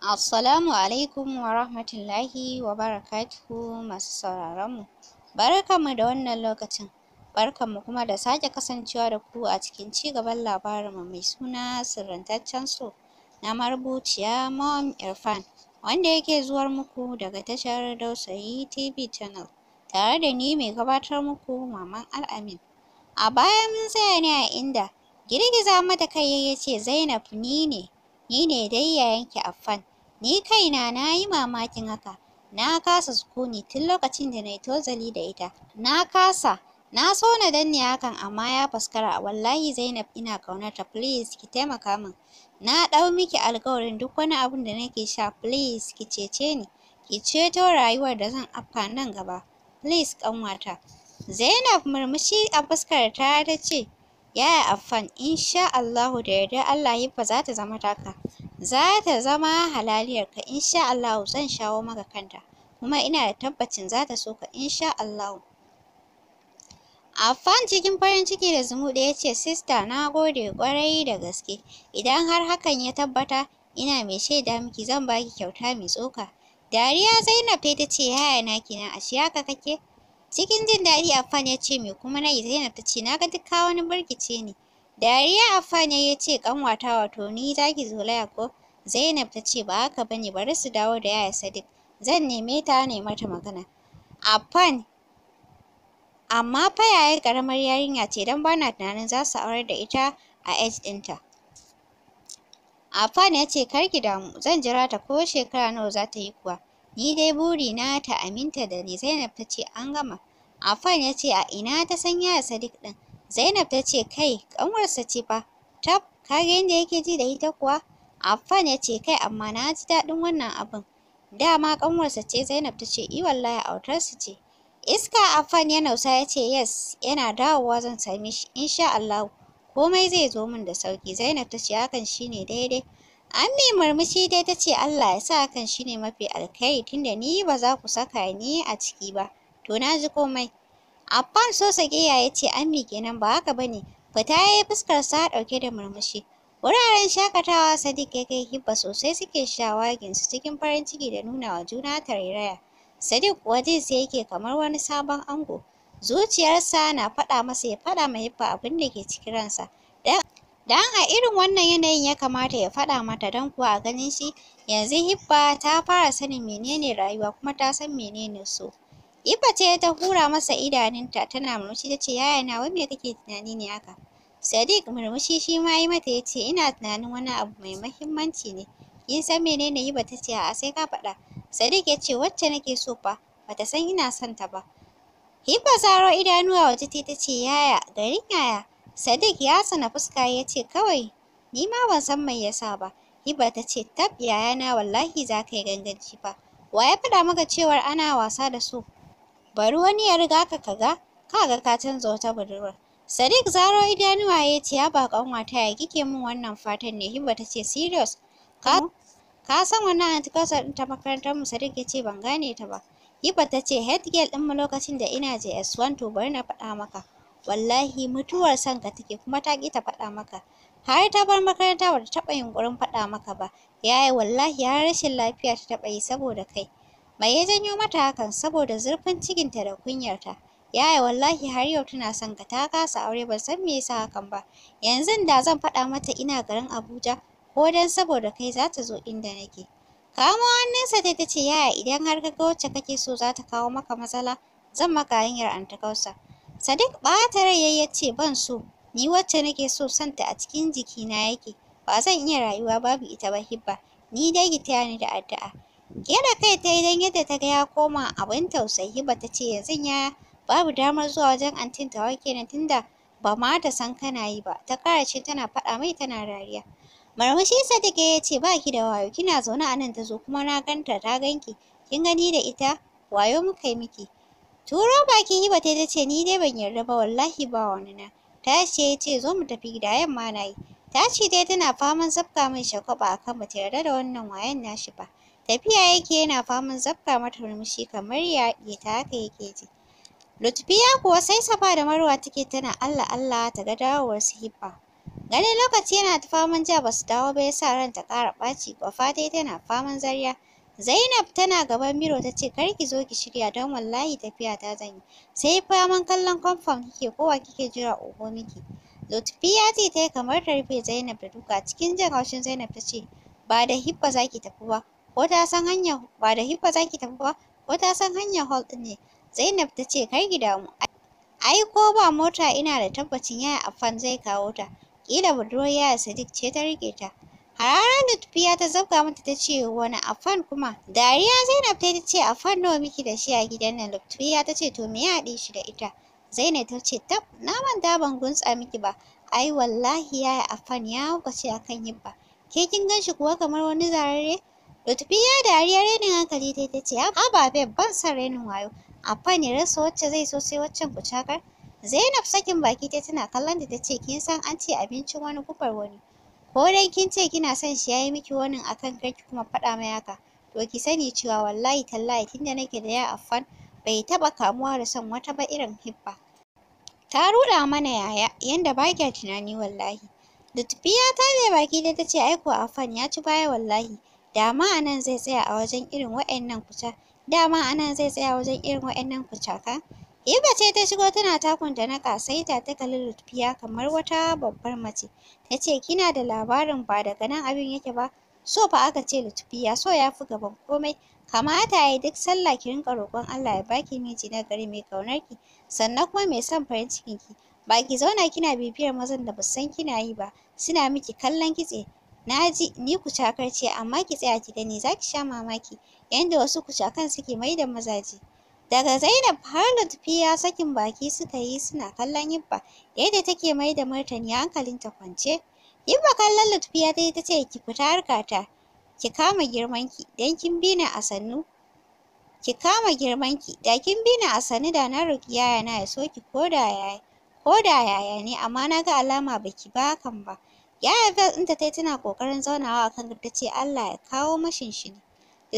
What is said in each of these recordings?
Assalamu alaikum wa rahmatullahi wa barakatuhu masu sauraronmu. Barkanmu da wannan lokacin, barkanmu kuma da sake kasancewa da ku a cikin ci gaban labarinmu mai suna sirrantaccen so na marubuciya Mom Irfan wanda yake zuwar muku daga tashar Dausayi TV Channel tare da ni mai gabatar muku Maman Al'amin. A baya mun tsaya ne a inda girgiza mata kai ya ce Zainab ni ne, ni ne dai yayanki fan Ni kaina na yi mamakin haka. Na kasa sukuni tun lokacin da na yi tozali da ita. Na kasa. Na so na danne hakan amma ya faskara. Wallahi Zainab ina ƙaunarta please ki taimaka min. Na ɗau miki alƙawarin duk wani abun da nake sha please ki cece ni. Ki ceto rayuwar da zan afka nan gaba. Please ƙanwata. Zainab murmushi a fuskar ta ce, Yaya Affan, insha Allahu da yarda Allah fa za ta zama taka. za ta zama in insha Allahu zan shawo maka kanta kuma ina da tabbacin za ta so ka insha Allahu fan cikin farin ciki da zumuɗe ya ce sista na gode kwarai da gaske idan har hakan ya tabbata ina mai shaida miki zan baki kyauta mai tsoka dariya Zainab ta ce yaya na a ashe haka kake cikin jin daɗi Affan ya ce me kuma na Zainab ta ce na ga duka wani birkice ne Dariya Afanya ya ce kanwata wato ni za ki ko? Zainab ta ce ba haka ba ne bari su dawo da yaya Sadiq. Zan neme ta ne mata magana. Afan amma fa yaya karamar yarinya ce dan bana tunanin za su aurar da ita a age ɗinta. Afan ya ce kar ki damu zan jira ta ko shekara nawa za ta yi kuwa. Ni dai burina ta aminta da ni Zainab ta ce an gama. Afan ya ce a ina ta san yaya Sadiq ɗin? Zainab ta ce kai ƙanwarsa ce fa tab ka ga yadda yake ji da ita kuwa Affan ya ce kai amma na ji daɗin wannan abin dama ƙanwarsa ce Zainab ta ce i wallahi autarsu ce Iska Affan ya nausa ya ce yes yana dawowa zan same shi insha Allah komai zai zo min da sauki Zainab ta ce hakan shine daidai Ammi murmushi dai ta ce Allah ya sa hakan shine mafi alkhairi tunda ni ba za ku saka ni a ciki ba to na ji komai Abban so sakiya ya ce Ami kenan ba haka bane. Fita ya yi fuskar sa ɗauke da murmushi. Wuraren shakatawa Sadiq ya kai hibba sosai suke shawagin su cikin farin ciki da nuna wa juna tarairaya. Sadiq kuwa sa sai yake kamar wani sabon ango. Zuciyarsa na faɗa masa ya faɗa ma hibba abin da ke cikin ransa. Dan a irin wannan yanayin ya kamata ya faɗa mata don kuwa a ganin shi yanzu Hibba ta fara sanin menene rayuwa kuma ta san menene so. Ifa ce ta hura masa idanunta tana murmushi ta ce yaya na wai me kake tunani ne haka? Sadiq murmushi shi ma yi mata ya ce ina tunanin wani abu mai muhimmanci ne. Kin san menene Iba ta ce a'a sai ka faɗa. Sadiq ya ce wacce nake so fa bata san ina son ta ba. Hifa zaro idanuwa waje tai ta ce yaya garin yaya. Sadiq ya sana fuska ya ce kawai ni ma ban san mai yasa ba. Hiba ta ce tab yayana wallahi za ka yi ganganci fa. Wa ya faɗa maka cewar ana wasa da su? bari wani ya riga ka kaga kaga ka canza wata budurwar Sadiq zaro idanuwa ya ce ya ba ta ya kike min wannan fatan ne Hibba ta ce serious ka mm-hmm. ka san wannan anti din ta makarantar mu Sadiq ya ce ban gane ta ba Hibba ta ce head girl din mu lokacin da ina je s 1 to bari na faɗa maka wallahi mutuwar sanka ka take kuma ta ki ta faɗa maka har ta bar makaranta taba taɓa yunƙurin faɗa maka ba yaya wallahi har rashin lafiya ta taɓa yi saboda kai Mai ya janyo mata hakan saboda zurfin cikinta da kunyarta. Yaya wallahi har yau tana son ka ta kasa aure ban san me yasa hakan ba. Yanzu da zan faɗa mata ina garin Abuja ko dan saboda kai za ta zo inda nake. Kamo hannunsa dai ta ce yaya idan har ka ga wacce kake so za ta kawo maka matsala zan maka hanyar antakausa. Sadiq ɓata rai ya ce ban so ni wacce nake so santa a cikin jikina yake ba zan iya rayuwa babu ita ba hibba ni dai gitiya taya ni da addu'a. Gera kai ta yi yadda ta ga ya koma abin tausayi ba ta ce yanzu ya babu damar zuwa wajen antin tawa kenan tunda ba ma ta san kana yi ba. Ta ƙara ce tana faɗa mai tana dariya. Marmashi Sadiqa ya ce ba ki da wayo kina zaune a nan ta zo kuma na ganta ta ganki. Kin gani da ita wayo muka yi miki. Turo bakin Hiba ta ta ce ni dai ban yarda ba wallahi ba wani na. Ta ce ya ce zo mu tafi gida yamma na yi. Ta ce dai tana faman zabka mai shagwaɓa akan bata ta yarda da wannan wayan nashi ba. Tafiya yake yana faman zabka mata murmushi kamar ya haɗiye ta haka yake ji. Lutfiya kuwa sai Safa da Marwa take tana Allah Allah ta ga dawowar su Hibba. Ganin lokaci yana ta faman ja ba su dawo ba ya sa ta ƙara ɓaci kwafa dai tana faman zarya. Zainab tana gaban Miro ta ce kar ki zo ki shirya don wallahi tafiya ta zan yi. Sai faman kallon kwamfam kike kowa kike jira oho miki. Lutfiya ce ta yi kamar ta rufe Zainab da duka cikin jin haushin Zainab ta ce ba da Hibba za ki tafi ba ko ta san hanyar ba da hibba za ki tafi ba ko ta san hanyar hall ɗin ne zainab ta ce kar ki damu ai ko ba mota ina da tabbacin yaya affan zai kawo ta kila budurwar yaya sadiq ce ta riƙe ta hararar da tufiya ta zabga mata ta ce wani affan kuma dariya zainab ta ta ce affan nawa miki da shi a gidan nan lutfiya ta ce to me ya haɗe shi da ita zainab ta ce tab na manta ban guntsa miki ba ai wallahi yaya affan ya hukace akan hibba ke kin ganshi kuwa kamar wani zarare Lutfiya dariyar renin hankali dai ta ce, ba babe, ban son renin wayo, amma ni rasa wacce zai so sai waccan cakar? Zainab sakin baki ta tana kallon da ta ce, "Kin san an ce abincin wani gubar wani, ko dai kin ce kina son shi yayi miki wani akan kanki kuma faɗa mai haka, to ki sani cewa wallahi tallahi tunda nake da ya affan bai taɓa kamuwa da son wata ba irin hibba." Ta ruɗa mana yaya, yanda ba kya tunani wallahi. Lutfiya ta mai baki da ta ce, aiko kuwa affan ya ci baya wallahi." dama a nan zai tsaya a wajen irin wa'annan kuca dama a zai tsaya wajen irin waɗannan kucaka Iba ce ta shigo tana takun da na ƙasaita ta kalli Lutfiya kamar wata babbar mace ta ce kina da labarin ba daga nan abin yake ba so fa aka ce Lutfiya so ya fi gaban komai kamata ya yi duk sallah ki rinƙa roƙon Allah ya baki miji na gari mai ƙaunar sannan kuma mai son farin cikin ki ba ki zauna kina bibiyar mazan da ba san kina yi ba suna miki kallon kitse Na ji ni kucakar ce amma ki tsaya ki gani za ki sha mamaki yanda wasu kucakan suke maida mazaje. Daga Zainab har Lutfiya sakin baki suka yi suna kallon Hibba yadda take maida martani hankalinta kwance. Hibba kallon Lutfiya dai ta ce ki fita harkata ki kama girmanki don kin bina a sannu. Ki kama girmanki da kin bina a sannu da na roƙi yayana ya so ki ko da yaya ne amma na ga alama baki ba hakan ba. Yaya Vel ɗinta ta yi tana ƙoƙarin zaunawa a kan ta ce Allah ya kawo mashin shi ne.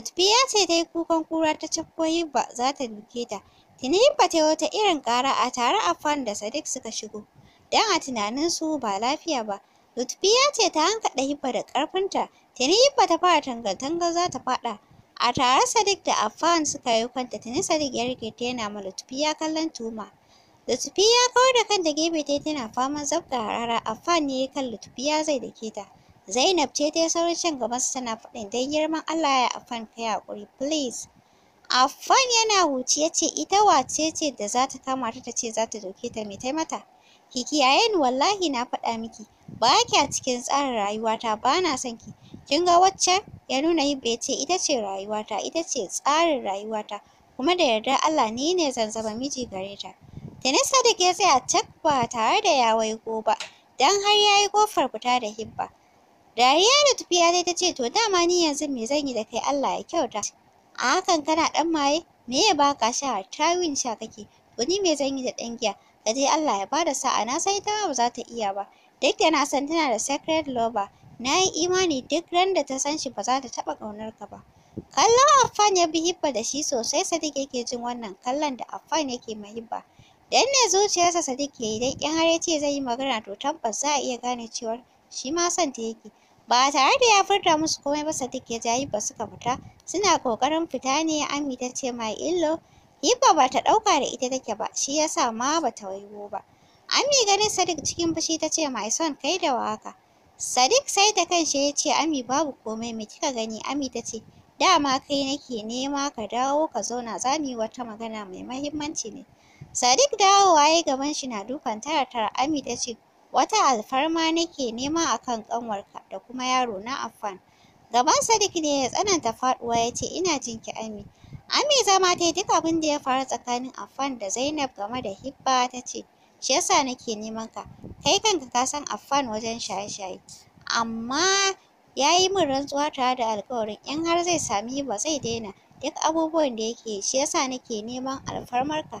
ce ta yi kukan kura ta cafko Hibba za ta duke ta. Tuni Hibba ta yi wata irin ƙara a tare Affan da Sadiq suka shigo. Don a tunaninsu ba lafiya ba. Lutfiya ce ta hankaɗa Hibba da ƙarfinta, tuni Hibba ta fara tangal-tangal za ta faɗa. A tare Sadiq da Afan suka yi kwanta, tuni Sadiq ya rike ta yana ma Lutfiya kallon tuwuma. Lutfi ya kawar da kanta gefe yi tana faman zabta harara Afan ne kan Lutfi ya zai dake ta. Zainab ce ta yi saurin shan su tana faɗin don girman Allah ya ka kai haƙuri please. Afan yana huci ya ce ita wace ce da za ta kama ta ta ce za ta doke ta mai tai mata. Ki kiyaye ni wallahi na faɗa miki ba kya cikin tsarin rayuwata ba na son ki. Kin ga waccan ya nuna yin bai ce ita ce rayuwata ita ce tsarin rayuwata kuma da yarda Allah ni ne zan zama miji gare ta. Tuni Sadiq ya tsaya cak ba tare da ya waigo ba, don har ya yi ƙofar fita da hibba. Dariya da tafiya dai ta ce, to dama ni yanzu me zan yi da kai Allah ya kyauta. A hakan kana ɗan maye, me ya baka sha ta win sha kake, to me zan yi da ɗan giya, ka je Allah ya bada sa'a na san ita ba za ta iya ba. Duk da na san tana da sacred lover, na yi imani duk ran da ta san shi ba za ta taɓa ƙaunar ka ba. Kallon afan ya bi Hibba da shi sosai Sadiq yake jin wannan kallon da afan yake ma Hibba. ne zuciyarsa Sadiq ya yi in har ya ce zai yi magana to tabbas za a iya gane cewa shi ma son ta yake. Ba tare da ya furta musu komai ba Sadiq ya ja Hibba suka fita. Suna ƙoƙarin fita ne Ami ta ce mai illo. Hibba ba ta ɗauka da ita take ba shi ya sa ma ba ta waigo ba. Ami ganin Sadiq cikin fushi ta ce mai son kai da waka. Sadiq sai da kanshi ya ce Ami babu komai me kika gani Ami ta ce dama kai nake nema ka dawo ka zauna za mu yi wata magana mai mahimmanci ne. Sadiq dawowa ya gaban shi na dukan tara tara Ami ta ce wata alfarma nake nema akan kanwarka da kuma yaro na Affan. Gaban Sadiq ne ya tsananta faduwa ya ce ina jinki Ami. Ami zama ta yi duk abin da ya faru tsakanin Affan da Zainab game da Hibba ta ce shi yasa nake neman ka kai kanka ka san Affan wajen shaye-shaye amma ya yi min rantsuwa tare da alƙawarin in har zai sami Hibba zai daina duk abubuwan da yake yi shi yasa nake neman alfarmarka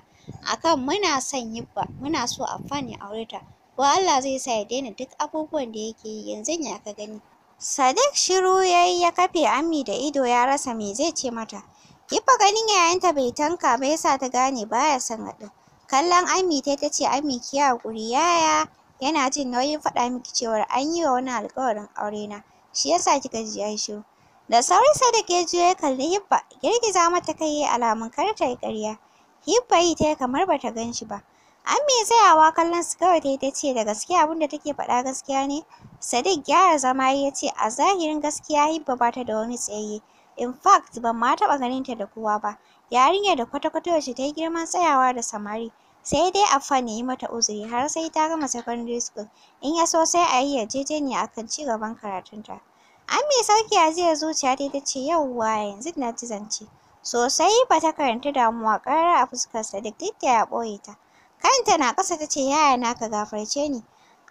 akan muna son yibba muna so a ya aure ta ko Allah zai sa ya daina duk abubuwan da yake yi yanzu ya ka gani Sadiq shiru yayi ya kafe Ami da ido ya rasa me zai ce mata Hibba ganin yayanta bai tanka ba yasa ta gane baya son haɗin kallon Ami ta tace Ami ki haƙuri yaya yana jin nauyin faɗa miki cewa an yi wa wani alƙawarin aure na shi yasa kika ji ai shiru Da sauri sai ya ke ya kalli Hibba, girgiza mata kai yayi alamun kar ta yi karya, Hibba yi ta kamar bata gan shi ba. An mai tsayawa kallon su kawai ta ta ce da gaskiya abinda take faɗa gaskiya ne. Sadiq gyara zama ya ce a zahirin gaskiya Hibba bata da wani tsaye. In fact ban ma taɓa ganin ta da kowa ba. Yarinyar da kwata-kwata ce ta yi girman tsayawa da samari. Sai dai Affan ya yi mata uzuri har sai ta gama secondary school. In ya so sai a yi yarjejeniya akan ci gaban karatunta. An mai sauki zai zuciya dai ta ce yauwa yanzu na ji zance. Sosai ba ta karanta damuwa ƙarar a fuskarsa duk duk da ya ɓoye ta. Kanta na ƙasa ta ce yaya na ka gafarce ni.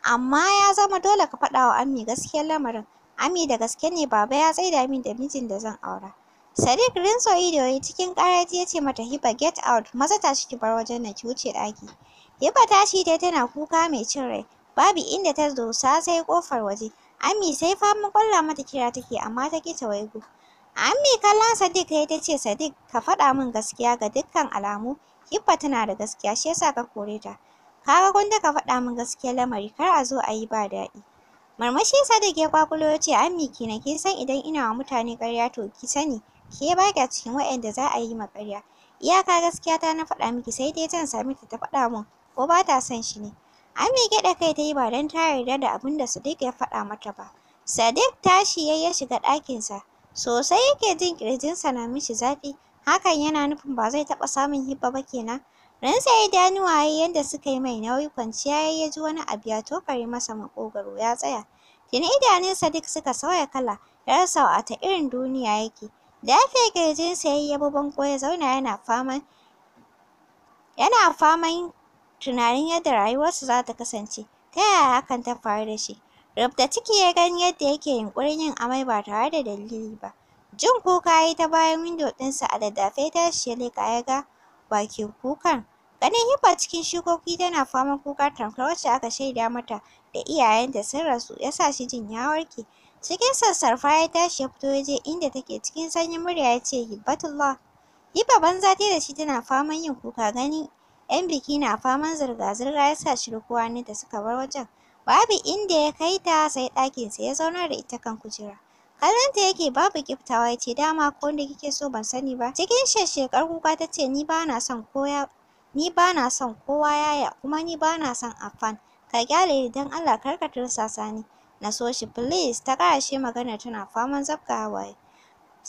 Amma ya zama dole ka faɗa wa Ami gaskiyar lamarin. Ami da gaske ne baba ya tsaida min da mijin da zan aura. Sadiq rinso ido yayi cikin ƙaraji ya ce mata Hiba get out maza ta shi bar wajen na ki wuce ɗaki. Hiba shi dai tana kuka mai cin rai babu inda ta dosa sai ƙofar waje. Ami sai fama kwalla mata kira take amma ta ki ta waigo. Ami kallon Sadiq ya ta ce Sadiq ka faɗa min gaskiya ga dukkan alamu Hibba tana da gaskiya shi yasa ka kore ta. Kaga gwanda ka faɗa min gaskiya lamari kar a zo a yi ba daɗi. Marmashi Sadiq ya kwakulo ya ce Ami kina kin san idan ina wa mutane ƙarya to ki sani ke ba kya cikin waɗanda za a yi ma ƙarya. Iyaka gaskiya ta na faɗa miki sai dai zan same ta ta faɗa min ko ba ta son shi ne. Ami gyaɗa kai ta yi ba don ta yarda da abin da Sadiq ya faɗa mata ba. Sadiq tashi ya ya shiga ɗakinsa. Sosai yake jin ƙirjinsa na mishi zafi. Hakan yana nufin ba zai taɓa samun hibba ba kenan. Ransa ya danuwa ya yadda suka yi mai nauyi kwanciya ya ya ji wani abu ya tofare masa maƙogwaro ya tsaya. Tuni idanun Sadiq suka sauya kala, ya rasa wata irin duniya yake. Dafe ƙirjinsa ya yi ya bi bango ya zauna yana faman yana faman tunanin yadda rayuwarsa za ta kasance, ta yaya hakan ta faru da shi. Rubda ciki ya gani yadda yake yunƙurin yin amai ba tare da dalili ba. Jin kuka ya yi ta bayan windo ɗinsa a daddafe ya tashi ya leƙa ya ga bakin kukan. Ganin Hibba cikin shukoki tana fama kuka tamkar wacce aka shaida mata da iyayenta sun rasu ya sa shi jin ya warke. Cikin sassarfa ya tashi ya fito ya je inda take cikin sanyin murya ya ce Hibbatullah. Hibba banza ta da shi tana faman yin kuka gani ‘Yan biki na faman zirga-zirga ya sa Shirkuwa da suka bar wajen. Babu inda ya kai ta sai ɗakinsa ya zaunar da ita kan kujera. Kallonta yake babu ƙiftawa ya ce dama ko wanda kike so ban sani ba. Cikin shekar kuka ta ce ni ba son kowa ni ba son kowa yaya kuma ni bana na son afan. Ka kyale ni don Allah kar ka tursasa ni. Na so shi please ta shi maganar tana faman zafkawa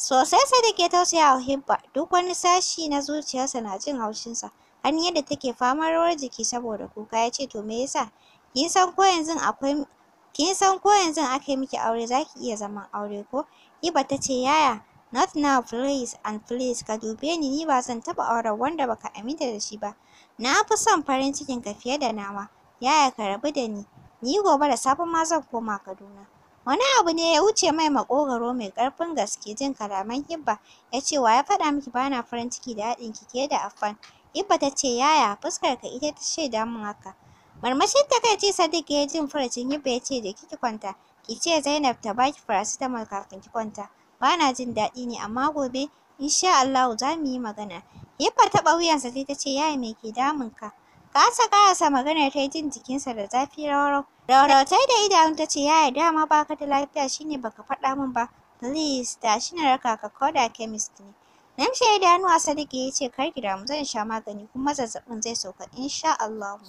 Sosai da ke tausaya wa Hibba, duk wani sashi na zuciyarsa na jin haushinsa, har yadda take fama rawar jiki saboda kuka ya ce to me yasa, kin san ko yanzu akwai kin san ko yanzu aka yi miki aure za ki iya zaman aure ko? Hibba ta ce yaya, not now please and please ka dube ni ni ba zan taɓa auren wanda baka aminta da shi ba. Na fi son farin cikinka fiye da nawa, yaya ka rabu da ni, ni gobe da safe ma zan koma Kaduna. Wani abu ne ya wuce mai maƙogwaro mai ƙarfin gaske jin kalaman Hibba ya ce wa ya faɗa miki Bana farin ciki da haɗin ki ke da afan. Hibba ta ce yaya ka ita ta shaida min haka. Marmashin takaici Sadiq ya jin furucin Hibba ya ce da ki kwanta ki ce Zainab ta baki paracetamol kafin ki kwanta. Bana jin daɗi ne amma gobe insha Allahu za mu yi magana. Hibba taɓa wuyansa sai ta ce yaya me ke damun ka? Kasa ƙarasa maganar ta yi jin jikinsa da zafi rawarau. Raurautai da idanu ta ce yaya dama ba ka da lafiya shine baka faɗa min ba. Please tashi na raka ka koda chemist ne. Namshe idanu a sadiki ya ce kar ki mu zan sha magani kuma zazzabin zai sauka insha Allahu.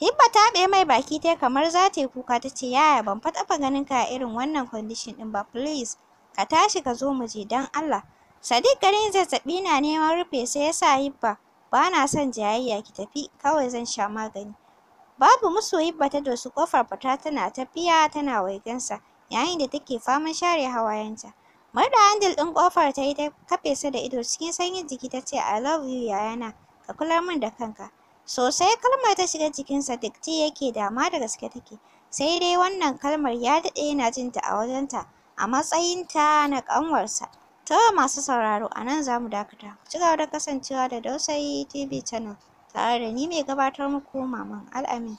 Hibba ta ɓe mai baki ta kamar za ta yi kuka ta ce yaya ban fa taɓa ganin ka irin wannan condition ɗin ba please ka tashi ka zo mu je don Allah. Sadiq garin zazzabi na neman rufe sai ya sa Hibba ba na son jayayya ki tafi kawai zan sha magani. Babu musu masoyi bata doshi ƙofar fita tana tafiya tana waigensa yayin da take faman share hawayenta. murda handle ɗin kofar tayi yi ta kafe sa da ido cikin sanyin jiki tace ce I love you yayana ka kula min da kanka. Sosai kalmar ta shiga jikinsa duk ji yake dama da gaske take. Sai dai wannan kalmar ya dade yana jin ta a wajenta a matsayinta na ƙanwarsa. To masu sauraro anan zamu dakata. Ku ci gaba da kasancewa da Dausayi TV Channel. tare da ni mai gabatar muku Maman Al'amin.